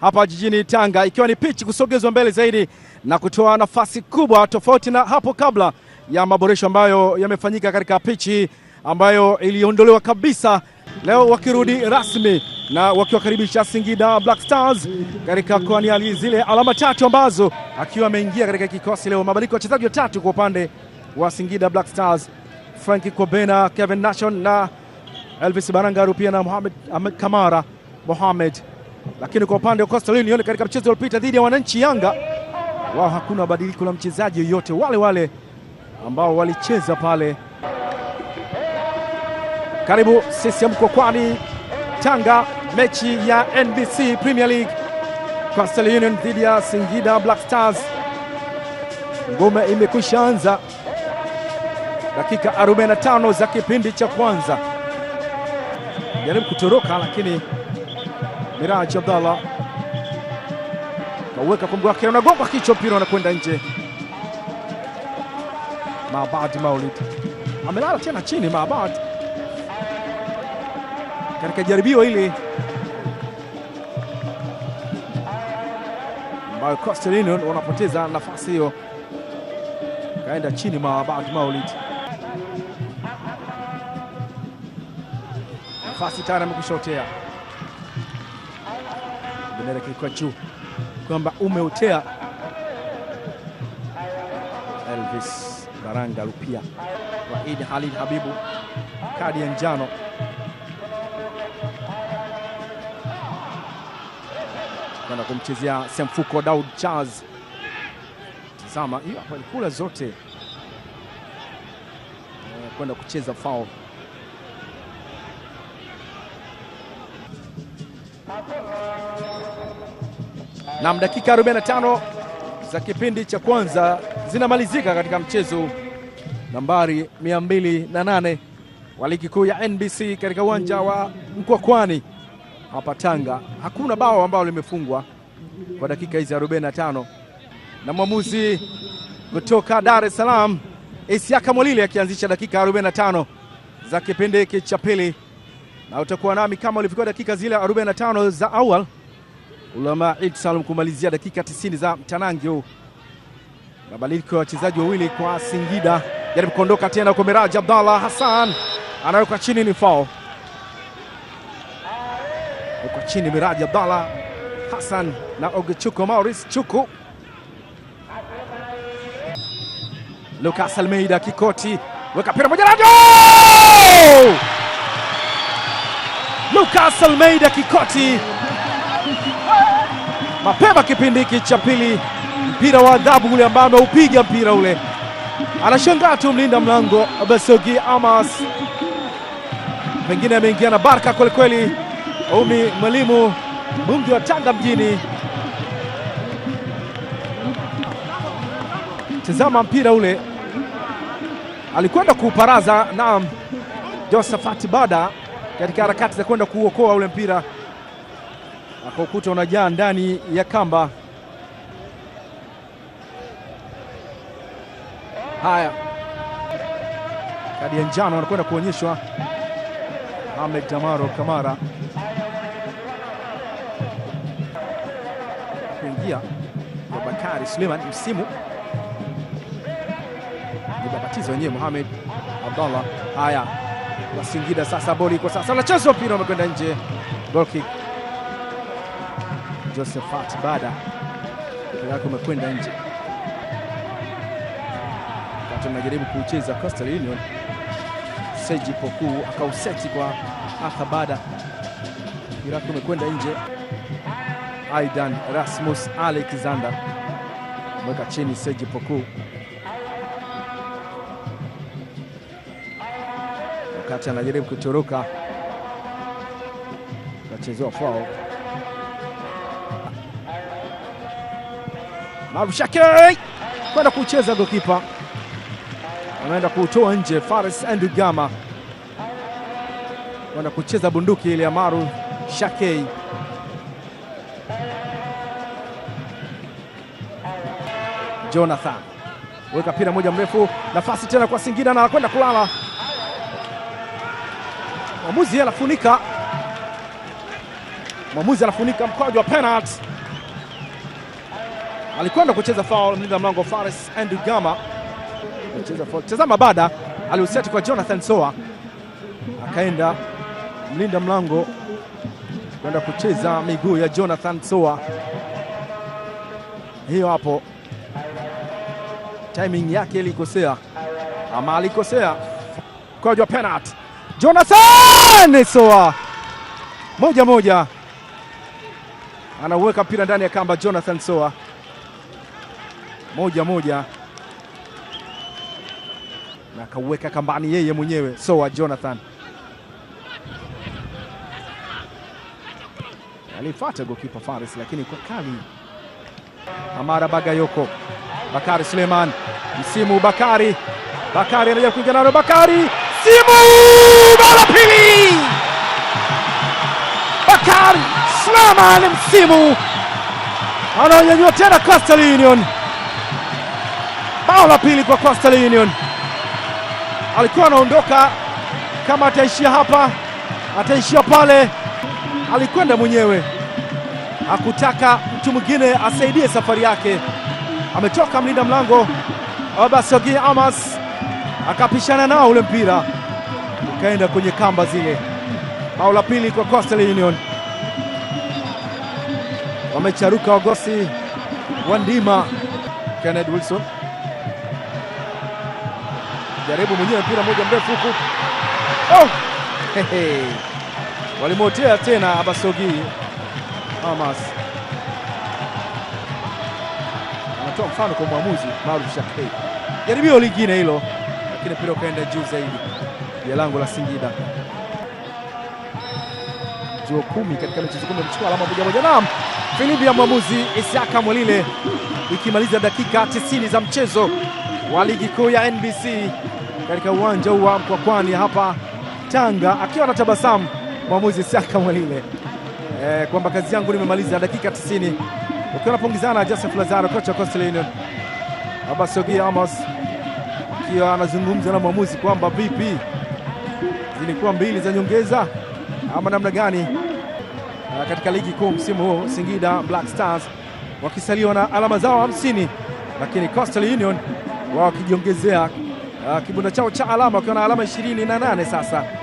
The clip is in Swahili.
hapa jijini Tanga, ikiwa ni pichi kusogezwa mbele zaidi na kutoa nafasi kubwa, tofauti na hapo kabla ya maboresho ambayo yamefanyika katika pichi ambayo iliondolewa kabisa, leo wakirudi rasmi na wakiwakaribisha Singida Black Stars katika kuania zile alama tatu ambazo akiwa ameingia katika kikosi leo. Mabadiliko ya wachezaji watatu kwa upande wa Singida Black Stars, Franki Kobena, Kevin Nation na Elvis Barangaru pia na Mohamed Kamara Mohamed lakini kwa upande wa Coastal Union katika mchezo uliopita dhidi ya wananchi Yanga, wao hakuna badiliko la mchezaji yoyote, wale wale ambao walicheza pale. Karibu CCM kwani Tanga, mechi ya NBC Premier League, Coastal Union dhidi ya Singida Black Stars. Ngome imekwisha anza, dakika 45 za kipindi cha kwanza. Jaribu kutoroka lakini Miraji Abdallah kaweka kumgu wake unagonga kichwa, mpira unakwenda nje. Maabadi Maulid amelala tena chini. Maabadi katika jaribio hili ambayo Coastal Union wanapoteza nafasi hiyo, kaenda chini Maabadi Maulid. Nafasi tayari amekushotea bendera kilikuwa juu kwamba umeotea. Elvis Baranga Rupia, Waid Halid Habibu kadi ya njano kwenda kumchezea Semfuko Daud Charles. Tazama hiyo, kula zote eh, kwenda kucheza foul. Nam, dakika 45 za kipindi cha kwanza zinamalizika katika mchezo nambari 208 wa ligi kuu ya NBC katika uwanja wa Mkwakwani hapa Tanga. Hakuna bao ambalo limefungwa kwa dakika hizi 45, na mwamuzi kutoka Dar es Salaam Isiaka Mwalile akianzisha dakika 45 za kipindi hiki cha pili na utakuwa nami kama ulivyokuwa dakika zile 45 za awal. Ulama Id Salum kumalizia dakika 90 za mtanangi huu, mabadiliko ya wachezaji wawili kwa Singida. Jaribu kuondoka tena kwa Miraji Abdallah Hassan, anawekwa chini, ni foul kwa chini. Miraji Abdallah Hassan na Ogechuko Maurice Chuku. Lucas Almeida Kikoti weka pira moja, Rado Hassan Meida Kikoti mapema kipindi hiki cha pili, mpira wa adhabu ule ambao ameupiga mpira ule, anashangaa tu mlinda mlango Besogi Amas, pengine ameingia na baraka kwelikweli. Umi mwalimu mumji wa Tanga mjini, tazama mpira ule alikwenda kuuparaza. Naam, Josephat Bada katika harakati za kwenda kuuokoa ule mpira, akaukuta unajaa ndani ya kamba. Haya, kadi ya njano anakwenda kuonyeshwa Ahmed Damaro Kamara kuingia kwa Bakari Suleiman msimu ni babatizo wenyewe Mohamed Abdallah. Haya wa Singida. Sasa boli kwa sasa, anacheza mpira umekwenda nje, goal kick. Josephat Bada mpira wake umekwenda nje, wakati anajaribu kuucheza Coastal Union. Seji Pokuu akauseti kwa Arthur Bada, mpira wake umekwenda nje. Aidan Rasmus Alexander mweka chini Seji Pokuu wakati anajaribu kutoroka kachezewa foul. marushake kwenda kucheza gokipa, anaenda kutoa nje. Faris Andugama kwenda kucheza bunduki ile ya maru shakei Jonathan weka mpira moja mrefu, nafasi tena kwa Singida na anakwenda kulala Mwamuzi anafunika, mwamuzi anafunika mkwaju wa penalty. Alikwenda kucheza foul mlinda mlango Fares Andrew kucheza foul. Tazama bada aliuseti kwa Jonathan Soa, akaenda mlinda mlango kwenda kucheza miguu ya Jonathan Soa. Hiyo hapo timing yake ilikosea, ama alikosea mkwaju wa penalty. Jonathan soa moja moja, anauweka mpira ndani ya kamba. Jonathan Soa moja moja, na akauweka kambani yeye mwenyewe Soa Jonathan. Alifuata gokipa Faris, lakini kwa kali Amara Bagayoko. Bakari Suleiman msimu, Bakari Bakari anaja kuingia nalo Bakari Timu mara pili, Bakari Slama ni msimu anaonyanyua tena Coastal Union. Bao la pili kwa Coastal Union. Alikuwa anaondoka kama ataishia hapa, ataishia pale, alikwenda mwenyewe, hakutaka mtu mwingine asaidie safari yake. Ametoka mlinda mlango Abasogi Amas akapishana nao ule mpira ukaenda kwenye kamba zile. Bao la pili kwa Coastal Union, wamecharuka wagosi wa ndima. Kenneth Wilson jaribu mwenyewe mpira moja mrefu huku, oh! walimotea tena Abasogi Hamas anatoa mfano kwa mwamuzi Maruf Shakei. Jaribio lingine hilo lakini mpira ukaenda juu zaidi ya lango la Singida. juu kumi katika mechi kumi kuchukua alama moja moja. Naam, filimbi ya mwamuzi Isaka Mwalile ikimaliza dakika 90 za mchezo wa ligi kuu ya NBC katika uwanja wa Mkwakwani hapa Tanga, akiwa na tabasamu mwamuzi Isaka Mwalile eh, kwamba kazi yangu nimemaliza dakika 90 ukiwa napongezana Joseph Lazaro, kocha Coastal Union, Abasogia Amos akiwa anazungumza na mwamuzi kwamba vipi, zilikuwa mbili za nyongeza ama namna gani? Ah, katika ligi kuu msimu huu Singida Black Stars wakisaliwa na alama zao hamsini, lakini Coastal Union wao wakijiongezea ah, kibunda chao cha alama wakiwa na alama 28 na sasa.